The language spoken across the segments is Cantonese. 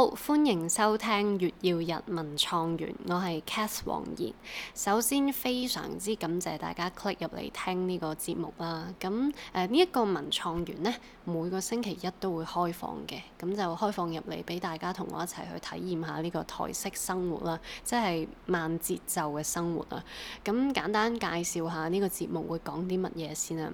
好，歡迎收聽月曜日文創園，我係 Cath 黃妍。首先非常之感謝大家 click 入嚟聽呢個節目啦。咁誒呢一個文創園呢，每個星期一都會開放嘅，咁就開放入嚟俾大家同我一齊去體驗下呢個台式生活啦，即係慢節奏嘅生活啊。咁簡單介紹下呢個節目會講啲乜嘢先啊？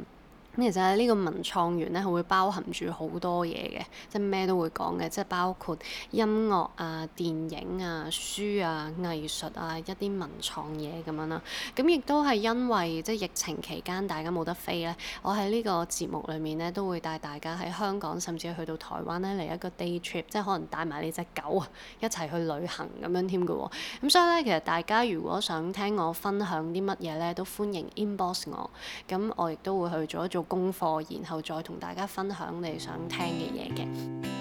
咁其實喺呢個文創園咧，佢會包含住好多嘢嘅，即係咩都會講嘅，即係包括音樂啊、電影啊、書啊、藝術啊一啲文創嘢咁樣啦。咁亦都係因為即係疫情期間大家冇得飛咧，我喺呢個節目裏面咧都會帶大家喺香港甚至去到台灣咧嚟一個 day trip，即係可能帶埋你隻狗啊一齊去旅行咁樣添嘅喎。咁所以咧，其實大家如果想聽我分享啲乜嘢咧，都歡迎 inbox 我。咁我亦都會去做一做。功課，然後再同大家分享你想聽嘅嘢嘅。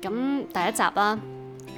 咁第一集啦。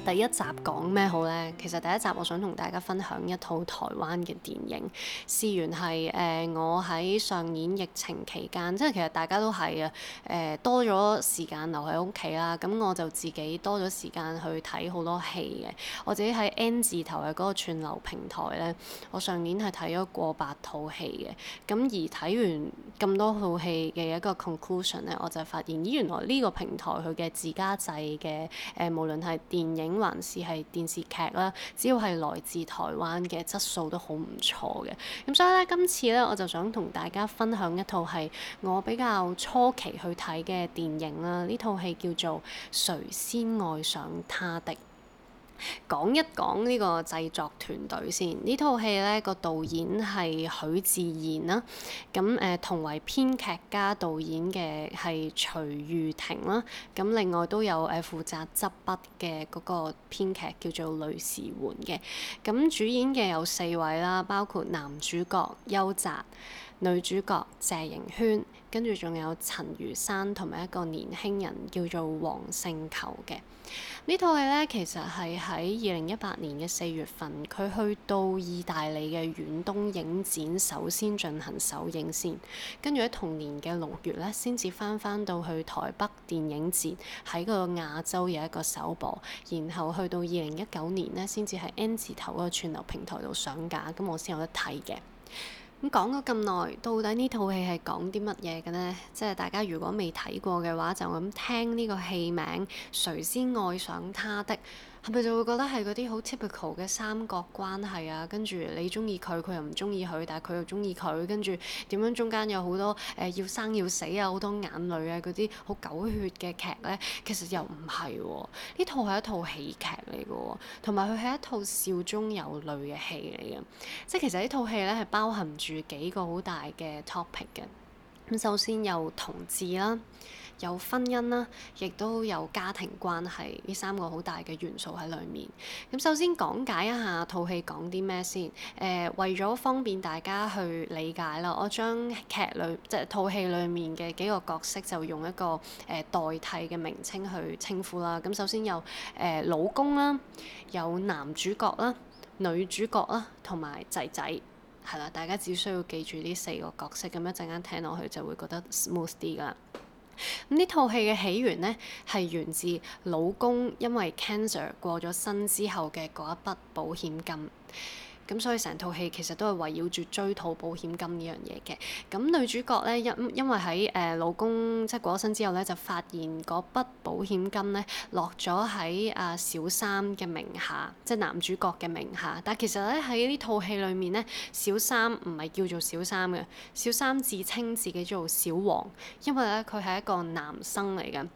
第一集講咩好咧？其實第一集我想同大家分享一套台灣嘅電影，事源係，誒我喺上年疫情期間，即係其實大家都係啊誒多咗時間留喺屋企啦，咁我就自己多咗時間去睇好多戲嘅。我自己喺 N 字頭嘅嗰個串流平台咧，我上年係睇咗過百套戲嘅。咁而睇完咁多套戲嘅一個 conclusion 咧，我就發現咦，原來呢個平台佢嘅自家製嘅誒無論係電影。還是係電視劇啦，只要係來自台灣嘅質素都好唔錯嘅。咁所以咧，今次咧我就想同大家分享一套係我比較初期去睇嘅電影啦。呢套戲叫做《誰先愛上他的》。講一講呢個製作團隊先，呢套戲呢個導演係許智彥啦，咁誒、呃、同為編劇加導演嘅係徐譽庭啦，咁另外都有誒負責執筆嘅嗰個編劇叫做呂蒔媛嘅，咁主演嘅有四位啦，包括男主角邱澤。女主角謝盈萱，跟住仲有陳如山同埋一個年輕人叫做黃聖球嘅。呢套戲咧，其實係喺二零一八年嘅四月份，佢去到意大利嘅遠東影展首先進行首映先，跟住喺同年嘅六月咧，先至翻返到去台北電影節喺個亞洲有一個首播，然後去到二零一九年呢，先至喺 N 字頭嗰個串流平台度上，上架，咁我先有得睇嘅。咁講咗咁耐，到底呢套戲係講啲乜嘢嘅呢？即係大家如果未睇過嘅話，就咁聽呢個戲名，誰先愛上他的？係咪就會覺得係嗰啲好 typical 嘅三角關係啊？跟住你中意佢，佢又唔中意佢，但係佢又中意佢，跟住點樣中間有好多誒、呃、要生要死啊，好多眼淚啊嗰啲好狗血嘅劇咧？其實又唔係喎，呢套係一套喜劇嚟嘅喎，同埋佢係一套笑中有淚嘅戲嚟嘅。即係其實呢套戲咧係包含住幾個好大嘅 topic 嘅。咁、嗯、首先有同志啦。有婚姻啦，亦都有家庭關係，呢三個好大嘅元素喺裡面。咁首先講解一下套戲講啲咩先。誒、呃，為咗方便大家去理解啦，我將劇裏即係套戲裡面嘅幾個角色就用一個誒、呃、代替嘅名稱去稱呼啦。咁首先有誒、呃、老公啦，有男主角啦、女主角啦，同埋仔仔係啦。大家只需要記住呢四個角色，咁一陣間聽落去就會覺得 smooth 啲㗎啦。呢套戲嘅起源呢，係源自老公因為 cancer 過咗身之後嘅嗰一筆保險金。咁所以成套戲其實都係圍繞住追討保險金呢樣嘢嘅。咁女主角咧因因為喺誒、呃、老公即係過咗身之後咧，就發現嗰筆保險金咧落咗喺啊小三嘅名下，即係男主角嘅名下。但其實咧喺呢套戲裏面咧，小三唔係叫做小三嘅，小三自稱自己做小王，因為咧佢係一個男生嚟嘅。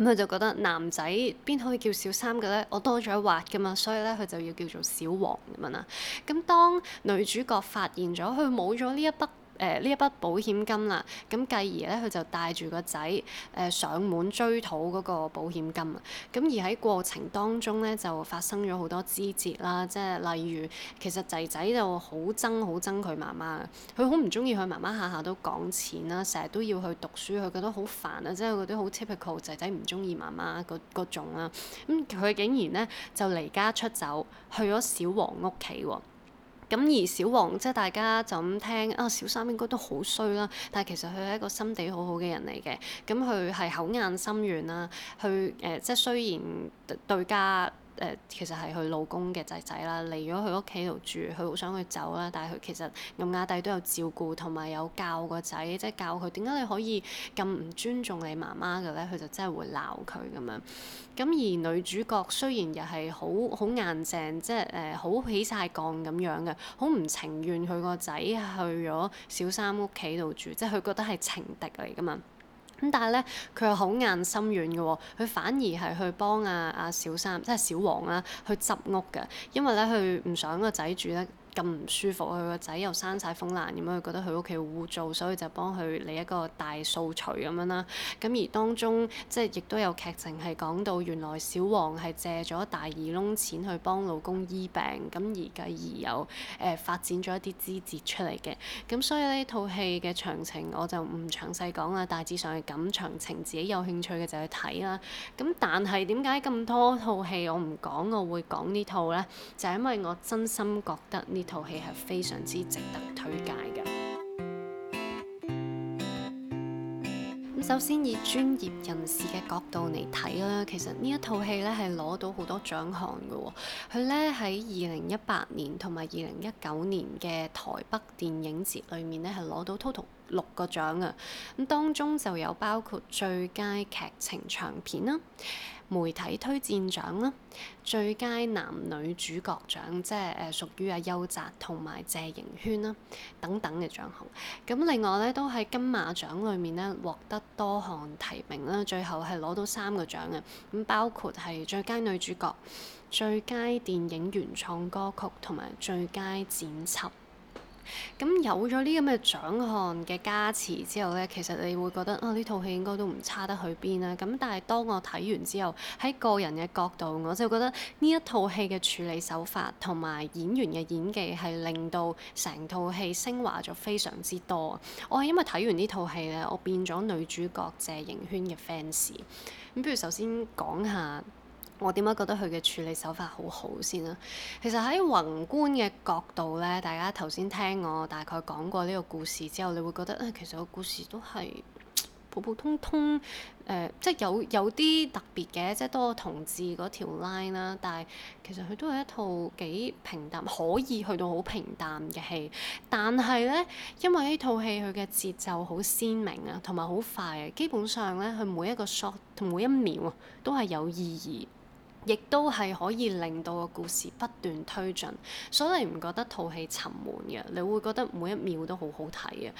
咁佢、嗯、就覺得男仔邊可以叫小三嘅咧？我多咗一劃噶嘛，所以咧佢就要叫做小王咁樣啦。咁、嗯、當女主角發現咗，佢冇咗呢一筆。誒呢一筆保險金啦，咁繼而咧，佢就帶住個仔誒上門追討嗰個保險金。咁而喺過程當中咧，就發生咗好多枝節啦，即係例如，其實仔仔就好憎好憎佢媽媽，佢好唔中意佢媽媽下下都講錢啦，成日都要去讀書，佢覺得好煩啊，即係嗰啲好 typical 仔仔唔中意媽媽嗰種啦。咁佢竟然咧就離家出走，去咗小王屋企喎。咁而小王即係大家就咁聽啊，小三應該都好衰啦，但係其實佢係一個心地好好嘅人嚟嘅，咁佢係口硬心軟啦，佢誒、呃、即係雖然對家。誒，其實係佢老公嘅仔仔啦，嚟咗佢屋企度住，佢好想佢走啦，但係佢其實暗亞帝都有照顧同埋有教個仔，即係教佢，點解你可以咁唔尊重你媽媽嘅咧？佢就真係會鬧佢咁樣。咁而女主角雖然又係好好硬淨，即係誒好起晒槓咁樣嘅，好唔情願佢個仔去咗小三屋企度住，即係佢覺得係情敵嚟㗎嘛。咁但係咧，佢又好硬心軟㗎喎，佢反而係去幫阿阿小三，即係小王啦，去執屋㗎，因為咧，佢唔想個仔住得咁唔舒服，佢個仔又生晒風癩，咁樣佢覺得佢屋企好污糟，所以就幫佢嚟一個大掃除咁樣啦。咁而當中即係亦都有劇情係講到，原來小王係借咗大耳窿錢去幫老公醫病，咁而繼而又誒、呃、發展咗一啲枝節出嚟嘅。咁所以呢套戲嘅詳情我就唔詳細講啦，大致上係咁詳情自己有興趣嘅就去睇啦。咁但係點解咁多套戲我唔講我會講呢套咧？就係、是、因為我真心覺得呢。呢套戲係非常之值得推介嘅。咁首先以專業人士嘅角度嚟睇啦，其實呢一套戲咧係攞到好多獎項㗎喎。佢咧喺二零一八年同埋二零一九年嘅台北電影節裏面咧係攞到 total 六個獎嘅。咁當中就有包括最佳劇情長片啦。媒體推薦獎啦，最佳男女主角獎，即係誒、呃、屬於阿邱澤同埋謝盈萱啦，等等嘅獎項。咁另外咧都喺金馬獎裏面咧獲得多項提名啦，最後係攞到三個獎嘅，咁包括係最佳女主角、最佳電影原創歌曲同埋最佳剪輯。咁有咗呢咁嘅獎項嘅加持之後呢，其實你會覺得啊，呢套戲應該都唔差得去邊啦。咁但係當我睇完之後，喺個人嘅角度，我就覺得呢一套戲嘅處理手法同埋演員嘅演技係令到成套戲升華咗非常之多。我係因為睇完呢套戲呢，我變咗女主角謝盈萱嘅 fans。咁，不如首先講下。我點解覺得佢嘅處理手法好好先啦？其實喺宏觀嘅角度咧，大家頭先聽我大概講過呢個故事之後，你會覺得啊、哎，其實個故事都係普普通通誒、呃，即係有有啲特別嘅，即係多個同志嗰條 line 啦。但係其實佢都係一套幾平淡，可以去到好平淡嘅戲。但係咧，因為呢套戲佢嘅節奏好鮮明啊，同埋好快啊，基本上咧，佢每一個 shot 同每一秒都係有意義。亦都係可以令到個故事不斷推進，所以你唔覺得套戲沉悶嘅，你會覺得每一秒都好好睇嘅。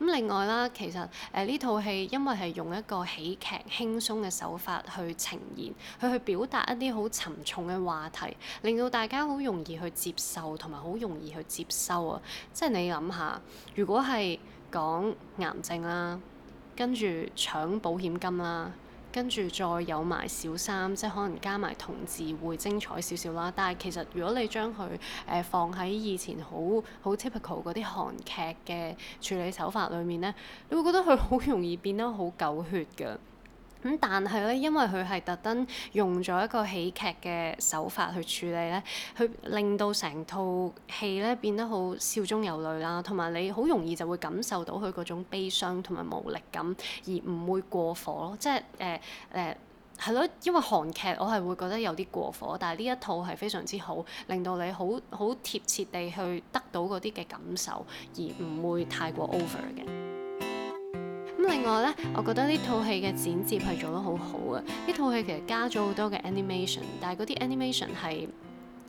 咁另外啦，其實誒呢套戲因為係用一個喜劇輕鬆嘅手法去呈現，去去表達一啲好沉重嘅話題，令到大家好容易去接受同埋好容易去接收啊。即係你諗下，如果係講癌症啦，跟住搶保險金啦。跟住再有埋小三，即係可能加埋同志會精彩少少啦。但係其實如果你將佢誒、呃、放喺以前好好 typical 嗰啲韓劇嘅處理手法裏面咧，你會覺得佢好容易變得好狗血㗎。咁但係咧，因為佢係特登用咗一個喜劇嘅手法去處理咧，佢令到成套戲咧變得好笑中有淚啦，同埋你好容易就會感受到佢嗰種悲傷同埋無力感，而唔會過火咯。即係誒誒，係咯，因為韓劇我係會覺得有啲過火，但係呢一套係非常之好，令到你好好貼切地去得到嗰啲嘅感受，而唔會太過 over 嘅。另外呢，我覺得呢套戲嘅剪接係做得好好啊嘅。呢套戲其實加咗好多嘅 animation，但係嗰啲 animation 係。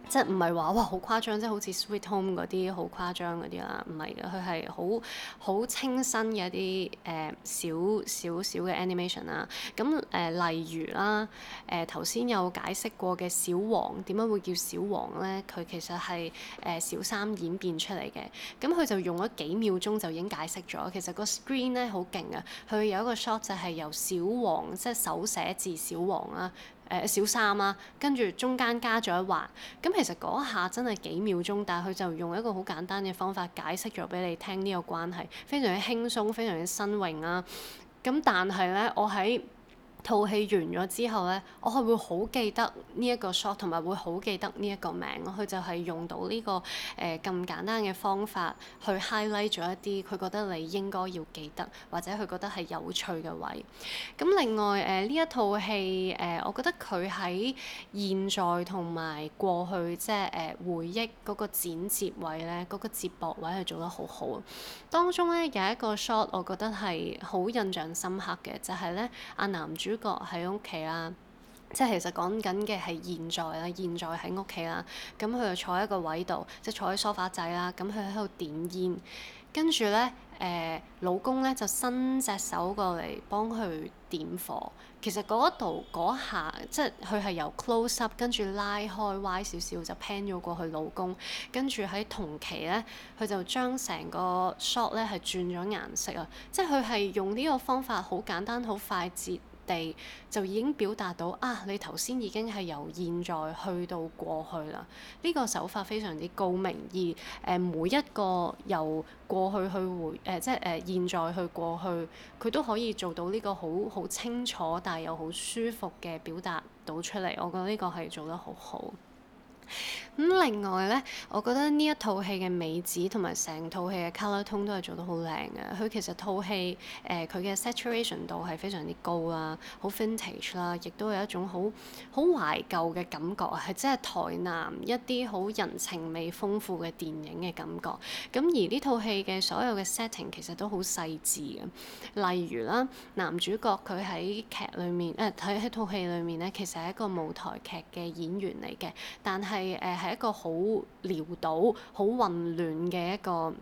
即係唔係話哇好誇張，即係好似 Sweet Home 嗰啲好誇張嗰啲、呃、啦，唔係嘅，佢係好好清新嘅一啲誒少少少嘅 animation 啦。咁誒例如啦，誒頭先有解釋過嘅小黃點解會叫小黃咧，佢其實係誒、呃、小三演變出嚟嘅。咁、嗯、佢就用咗幾秒鐘就已經解釋咗，其實個 screen 咧好勁啊。佢有一個 shot 就係由小黃即係手寫字小黃啊。誒、呃、小三啦、啊，跟住中間加咗一環，咁、嗯、其實嗰下真係幾秒鐘，但係佢就用一個好簡單嘅方法解釋咗俾你聽呢個關係，非常之輕鬆，非常之新穎啊！咁、嗯、但係咧，我喺套戲完咗之後咧，我係會好記得呢一個 shot，同埋會好記得呢一個名咯。佢就係用到呢、這個誒咁、呃、簡單嘅方法去 highlight 咗一啲佢覺得你應該要記得，或者佢覺得係有趣嘅位。咁另外誒呢、呃、一套戲誒、呃、我覺得佢喺現在同埋過去即係誒回憶個剪接位咧，那個接駁位係做得好好。當中咧有一個 shot，我覺得係好印象深刻嘅，就係咧阿男主。個喺屋企啦，即係其實講緊嘅係現在啦，現在喺屋企啦。咁佢就坐喺一個位度，即係坐喺梳化仔啦。咁佢喺度點煙，跟住咧誒老公咧就伸隻手過嚟幫佢點火。其實嗰度嗰下即係佢係由 close up 跟住拉開歪少少就 pan 咗過去老公，跟住喺同期咧佢就將成個 shot 咧係轉咗顏色啊，即係佢係用呢個方法好簡單好快捷。地就已經表達到啊！你頭先已經係由現在去到過去啦，呢個手法非常之高明，而誒每一個由過去去回誒，即係誒現在去過去，佢都可以做到呢個好好清楚，但係又好舒服嘅表達到出嚟。我覺得呢個係做得好好。咁、嗯、另外咧，我覺得呢一套戲嘅美子同埋成套戲嘅 color tone 都係做得好靚嘅。佢其實套戲誒佢嘅 saturation 度係非常之高啦，好 vintage 啦，亦都有一種好好懷舊嘅感覺，係即係台南一啲好人情味豐富嘅電影嘅感覺。咁、嗯、而呢套戲嘅所有嘅 setting 其實都好細緻嘅，例如啦，男主角佢喺劇裏面誒喺喺套戲裏面咧，其實係一個舞台劇嘅演員嚟嘅，但係係誒，係一個好潦倒、好混亂嘅一個。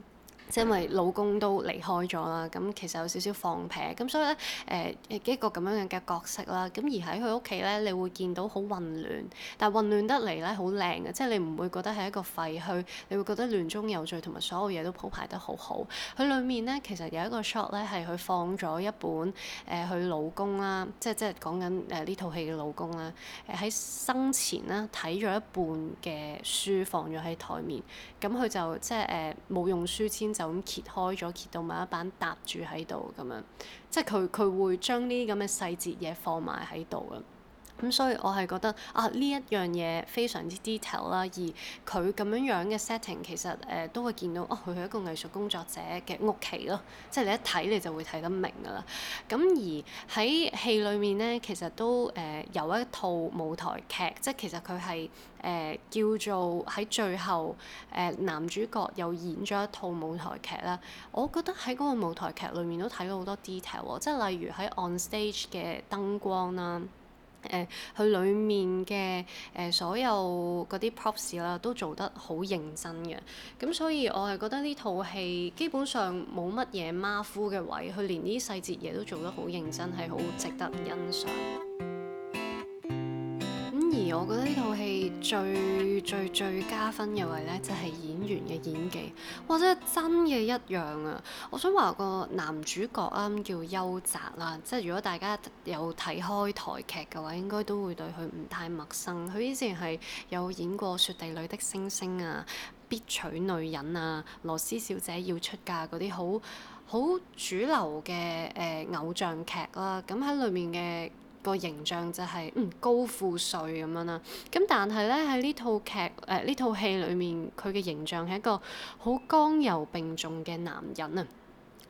即係因為老公都離開咗啦，咁其實有少少放屁。咁所以咧誒、呃、一個咁樣嘅角色啦，咁而喺佢屋企咧，你會見到好混亂，但係混亂得嚟咧好靚嘅，即係你唔會覺得係一個廢墟，你會覺得亂中有序，同埋所有嘢都鋪排得好好。佢裡面咧其實有一個 shot 咧係佢放咗一本誒佢、呃、老公啦，即係即係講緊誒呢套戲嘅老公啦，喺、呃、生前啦睇咗一半嘅書放咗喺台面，咁佢就即係誒冇用書籤。就咁揭開咗，揭到某一版搭住喺度咁樣，即係佢佢會將呢啲咁嘅細節嘢放埋喺度啊。咁、嗯、所以，我係覺得啊，呢一樣嘢非常之 detail 啦。而佢咁樣樣嘅 setting，其實誒、呃、都會見到啊。佢、哦、係一個藝術工作者嘅屋企咯，即係你一睇你就會睇得明噶啦。咁、嗯、而喺戲裡面咧，其實都誒、呃、有一套舞台劇，即係其實佢係誒叫做喺最後誒、呃、男主角又演咗一套舞台劇啦。我覺得喺嗰個舞台劇裡面都睇到好多 detail 喎，即係例如喺 on stage 嘅燈光啦。啊誒佢、呃、裡面嘅誒、呃、所有嗰啲 props 啦，都做得好認真嘅。咁所以我係覺得呢套戲基本上冇乜嘢馬虎嘅位，佢連呢啲細節嘢都做得好認真，係好值得欣賞。而我覺得呢套戲最最最加分嘅位呢，就係、是、演員嘅演技，哇！真係真嘅一樣啊！我想話個男主角啊，叫邱澤啦、啊，即係如果大家有睇開台劇嘅話，應該都會對佢唔太陌生。佢以前係有演過《雪地裡的星星》啊，《必娶女人》啊，《羅斯小姐要出嫁》嗰啲好好主流嘅誒、呃、偶像劇啦、啊。咁喺裡面嘅。.個形象就係、是、嗯，高富帥咁樣啦，咁但係咧喺呢套劇誒呢、呃、套戲裏面，佢嘅形象係一個好剛柔並重嘅男人啊，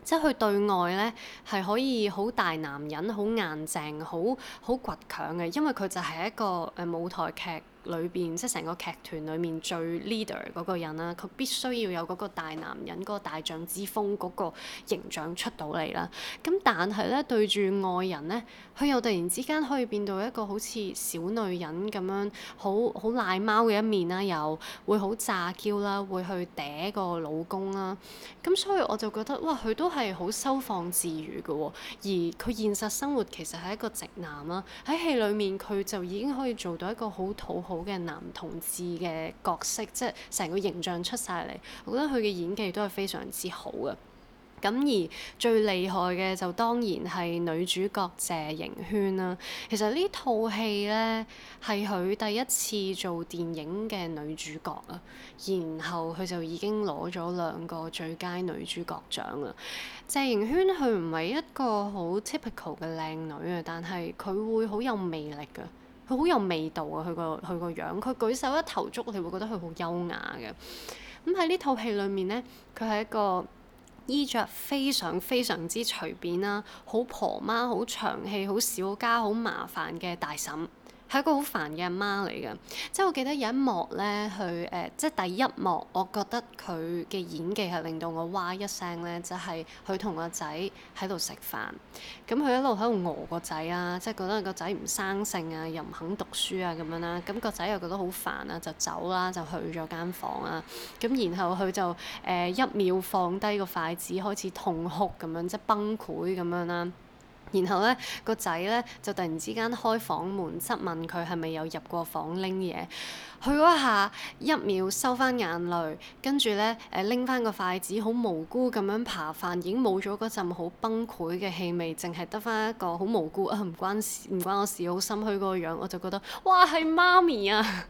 即係佢對外咧係可以好大男人、好硬淨、好好倔強嘅，因為佢就係一個誒、呃、舞台劇。裏邊即係成個劇團裏面最 leader 嗰個人啦，佢、啊、必須要有嗰個大男人、嗰個大將之風嗰個形象出到嚟啦。咁、啊、但係咧對住愛人咧，佢又突然之間可以變到一個好似小女人咁樣，好好奶貓嘅一面啦、啊，又會好詐嬌啦，會去嗲個老公啦。咁、啊啊、所以我就覺得哇，佢都係好收放自如嘅、啊、而佢現實生活其實係一個直男啦，喺戲裡面佢就已經可以做到一個好討好，好嘅男同志嘅角色，即係成個形象出晒嚟，我覺得佢嘅演技都係非常之好嘅。咁而最厲害嘅就當然係女主角謝盈萱啦。其實呢套戲咧係佢第一次做電影嘅女主角啊，然後佢就已經攞咗兩個最佳女主角獎啦。謝盈萱佢唔係一個好 typical 嘅靚女啊，但係佢會好有魅力噶。佢好有味道啊！佢個佢個樣，佢舉手一投足，你會覺得佢好優雅嘅。咁喺呢套戲裏面咧，佢係一個衣着非常非常之隨便啦，好婆媽，好長氣，好小家，好麻煩嘅大嬸。係一個好煩嘅阿媽嚟嘅，即係我記得有一幕咧，佢誒、呃，即係第一幕，我覺得佢嘅演技係令到我哇一聲咧，就係佢同個仔喺度食飯，咁、嗯、佢一路喺度鬧個仔啊，即係覺得個仔唔生性啊，又唔肯讀書啊咁樣啦、啊，咁個仔又覺得好煩啊，就走啦，就去咗間房啊，咁、嗯、然後佢就誒、呃、一秒放低個筷子，開始痛哭咁樣，即係崩潰咁樣啦、啊。然後咧，個仔咧就突然之間開房門質問佢係咪有入過房拎嘢，佢嗰下一秒收翻眼淚，跟住咧誒拎翻個筷子，好無辜咁樣扒飯，已經冇咗嗰陣好崩潰嘅氣味，淨係得翻一個好無辜啊，唔關事，唔關我事，好心虛嗰個樣，我就覺得哇係媽咪啊！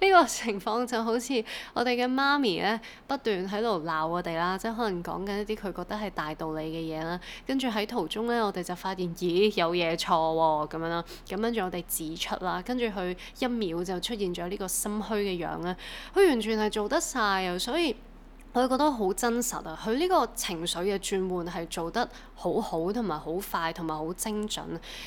呢個情況就好似我哋嘅媽咪咧，不斷喺度鬧我哋啦，即係可能講緊一啲佢覺得係大道理嘅嘢啦。跟住喺途中咧，我哋就發現咦有嘢錯喎咁樣啦，咁跟住我哋指出啦，跟住佢一秒就出現咗呢個心虛嘅樣啦。佢完全係做得晒，啊，所以。佢覺得好真實啊！佢呢個情緒嘅轉換係做得好好，同埋好快，同埋好精準，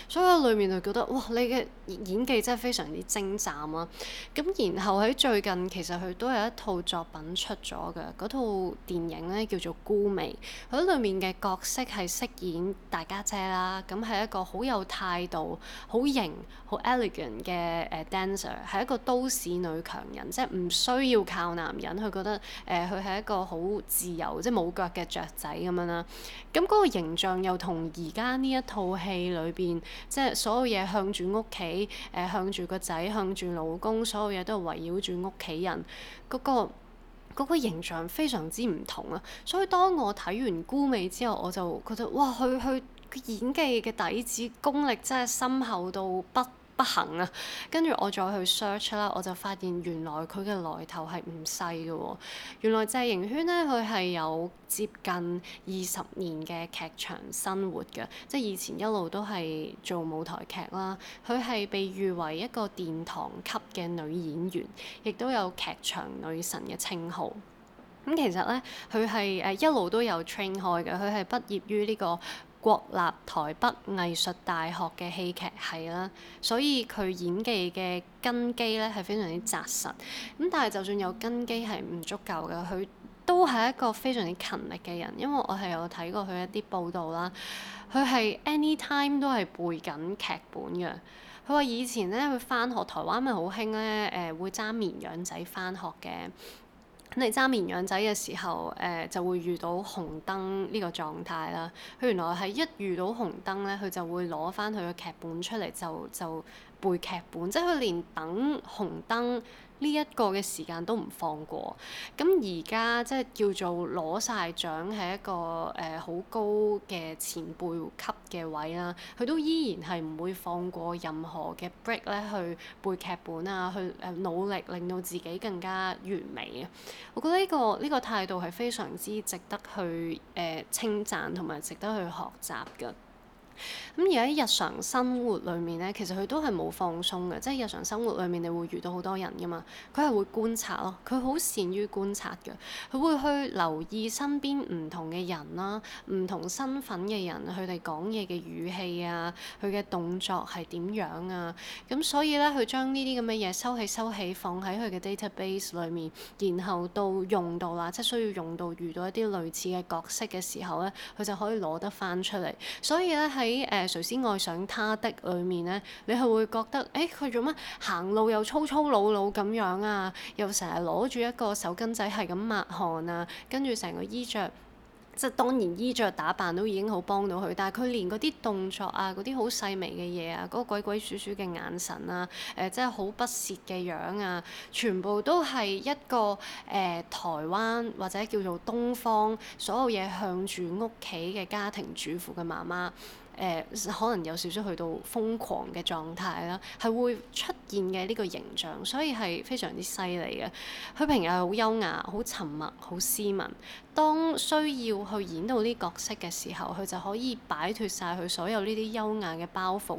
所以裏面就覺得哇！你嘅演技真係非常之精湛啊！咁然後喺最近其實佢都有一套作品出咗嘅，套電影咧叫做《孤味》，佢裏面嘅角色係飾演大家姐啦，咁係一個好有態度、好型、好 elegant 嘅誒、uh, dancer，係一個都市女強人，即係唔需要靠男人。佢覺得誒佢係一個。好自由，即係冇腳嘅雀仔咁樣啦。咁嗰個形象又同而家呢一套戲裏邊，即係所有嘢向住屋企，誒、呃，向住個仔，向住老公，所有嘢都係圍繞住屋企人嗰個嗰個形象非常之唔同啊。所以當我睇完《孤味》之後，我就覺得哇，佢佢佢演技嘅底子功力真係深厚到不。不行啊！跟住我再去 search 啦，我就發現原來佢嘅來頭係唔細嘅喎。原來謝盈萱咧，佢係有接近二十年嘅劇場生活嘅，即係以前一路都係做舞台劇啦。佢係被譽為一個殿堂級嘅女演員，亦都有劇場女神嘅稱號。咁、嗯、其實咧，佢係誒一路都有 train 開嘅，佢係畢業於呢、這個，國立台北藝術大學嘅戲劇系啦，所以佢演技嘅根基咧係非常之紮實。咁但係就算有根基係唔足夠嘅，佢都係一個非常之勤力嘅人。因為我係有睇過佢一啲報道啦，佢係 anytime 都係背緊劇本嘅。佢話以前咧，佢翻學台灣咪好興咧，誒、呃、會揸綿羊仔翻學嘅。咁你揸綿羊仔嘅時候，誒、呃、就會遇到紅燈呢個狀態啦。佢原來係一遇到紅燈咧，佢就會攞返佢嘅劇本出嚟，就就背劇本，即係佢連等紅燈呢一個嘅時間都唔放過，咁而家即係叫做攞晒獎係一個誒好高嘅前輩級嘅位啦。佢都依然係唔會放過任何嘅 break 咧，去背劇本啊，去誒努力令到自己更加完美啊。我覺得呢個呢個態度係非常之值得去誒稱讚同埋值得去學習㗎。咁而喺日常生活裏面咧，其實佢都係冇放鬆嘅，即係日常生活裏面你會遇到好多人㗎嘛，佢係會觀察咯，佢好善於觀察嘅，佢會去留意身邊唔同嘅人啦，唔同身份嘅人，佢哋講嘢嘅語氣啊，佢嘅動作係點樣啊，咁所以咧，佢將呢啲咁嘅嘢收起收起，放喺佢嘅 database 裏面，然後到用到啦，即係需要用到遇到一啲類似嘅角色嘅時候咧，佢就可以攞得返出嚟，所以咧係。喺誒誰先愛上他的裏面咧，你係會覺得誒佢、欸、做乜行路又粗粗魯魯咁樣啊？又成日攞住一個手巾仔係咁抹汗啊？跟住成個衣着，即係當然衣着打扮都已經好幫到佢，但係佢連嗰啲動作啊、嗰啲好細微嘅嘢啊、嗰、個鬼鬼祟祟嘅眼神啊、誒即係好不屑嘅樣啊，全部都係一個誒、呃、台灣或者叫做東方所有嘢向住屋企嘅家庭主婦嘅媽媽。誒可能有少少去到瘋狂嘅狀態啦，係會出現嘅呢個形象，所以係非常之犀利嘅。佢平日係好優雅、好沉默、好斯文，當需要去演到啲角色嘅時候，佢就可以擺脫晒佢所有呢啲優雅嘅包袱。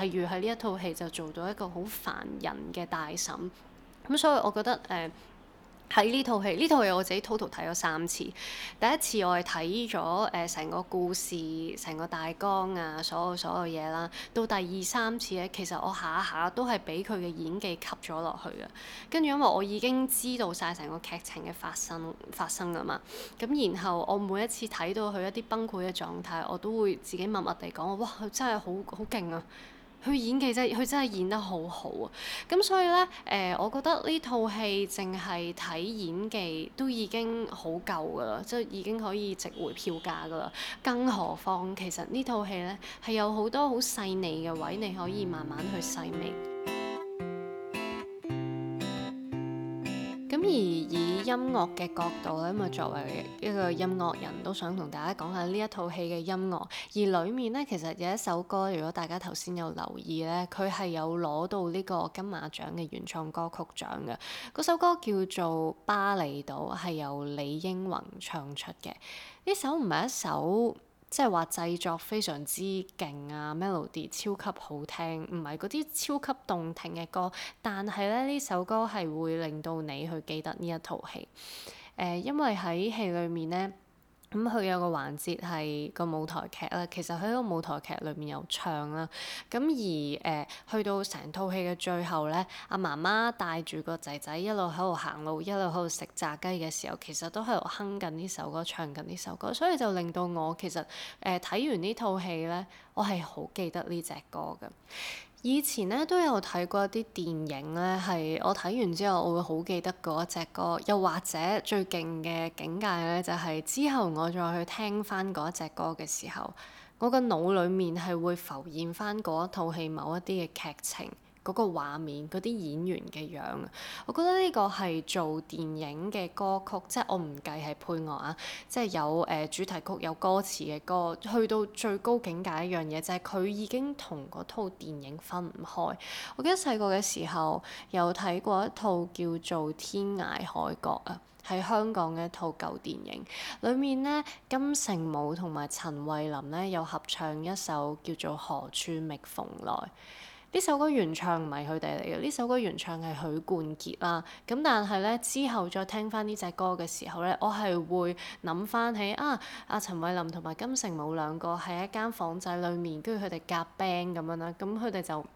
例如喺呢一套戲就做到一個好煩人嘅大嬸，咁、嗯、所以我覺得誒。呃睇呢套戲，呢套戲我自己 total 睇咗三次。第一次我係睇咗誒成個故事、成個大綱啊，所有所有嘢啦。到第二三次咧，其實我下下都係俾佢嘅演技吸咗落去嘅。跟住因為我已經知道晒成個劇情嘅發生發生㗎嘛，咁然後我每一次睇到佢一啲崩潰嘅狀態，我都會自己默默地講：哇，佢真係好好勁啊！佢演技真係，佢真係演得好好啊！咁所以呢，誒、呃，我覺得呢套戲淨係睇演技都已經好夠㗎啦，即係已經可以值回票價㗎啦。更何況其實呢套戲呢係有好多好細膩嘅位，你可以慢慢去細味。咁而以音樂嘅角度咧，咁啊作為一個音樂人都想同大家講下呢一套戲嘅音樂，而裡面咧其實有一首歌，如果大家頭先有留意咧，佢係有攞到呢個金馬獎嘅原創歌曲獎嘅，嗰首歌叫做《巴厘島》，係由李英宏唱出嘅。呢首唔係一首。即係話製作非常之勁啊，Melody 超級好聽，唔係嗰啲超級動聽嘅歌，但係咧呢首歌係會令到你去記得呢一套戲，誒、呃，因為喺戲裡面咧。咁佢有個環節係個舞台劇啦，其實佢喺個舞台劇裏面有唱啦，咁而誒、呃、去到成套戲嘅最後咧，阿媽媽帶住個仔仔一路喺度行路，一路喺度食炸雞嘅時候，其實都喺度哼緊呢首歌，唱緊呢首歌，所以就令到我其實誒睇、呃、完呢套戲咧，我係好記得呢隻歌嘅。以前咧都有睇過一啲電影咧，係我睇完之後我會好記得嗰一隻歌，又或者最勁嘅境界咧就係之後我再去聽翻嗰一隻歌嘅時候，我個腦裡面係會浮現翻嗰套戲某一啲嘅劇情。嗰個畫面，嗰啲演員嘅樣，我覺得呢個係做電影嘅歌曲，即係我唔計係配樂啊，即係有誒、呃、主題曲有歌詞嘅歌，去到最高境界一樣嘢就係、是、佢已經同嗰套電影分唔開。我記得細個嘅時候有睇過一套叫做《天涯海角》啊，喺香港嘅一套舊電影，裡面呢，金城武同埋陳慧琳呢，又合唱一首叫做《何處覓蓬萊》。呢首歌原唱唔係佢哋嚟嘅，呢首歌原唱係許冠傑啦。咁但係咧，之後再聽翻呢隻歌嘅時候咧，我係會諗翻起啊，阿陳慧琳同埋金城武兩個喺一間房仔裡面，跟住佢哋夾 band 咁樣啦，咁佢哋就～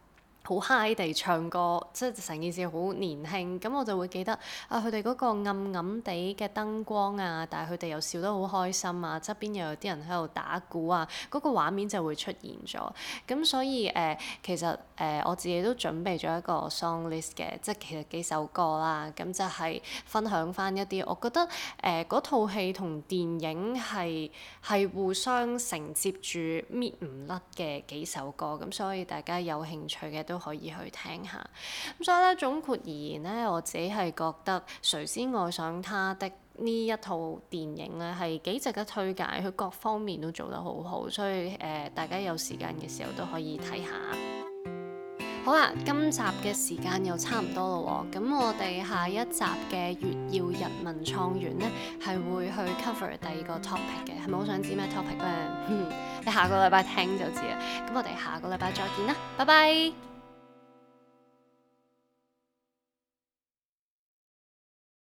好嗨地唱歌，即係成件事好年輕，咁我就會記得啊，佢哋嗰個暗暗地嘅燈光啊，但係佢哋又笑得好開心啊，側邊又有啲人喺度打鼓啊，嗰個畫面就會出現咗。咁所以誒、呃、其實誒、呃、我自己都準備咗一個 song list 嘅，即係其實幾首歌啦。咁就係分享翻一啲，我覺得誒套戲同電影係係互相承接住搣唔甩嘅幾首歌。咁所以大家有興趣嘅都～都可以去聽下咁，所以咧總括而言呢，我自己係覺得誰先愛上他的呢一套電影呢，係幾值得推介。佢各方面都做得好好，所以誒、呃，大家有時間嘅時候都可以睇下。好啦、啊，今集嘅時間又差唔多啦、啊，咁我哋下一集嘅《月要人民創園》呢，係會去 cover 第二個 topic 嘅。係咪好想知咩 topic 呢、嗯？你下個禮拜聽就知啦。咁我哋下個禮拜再見啦，拜拜。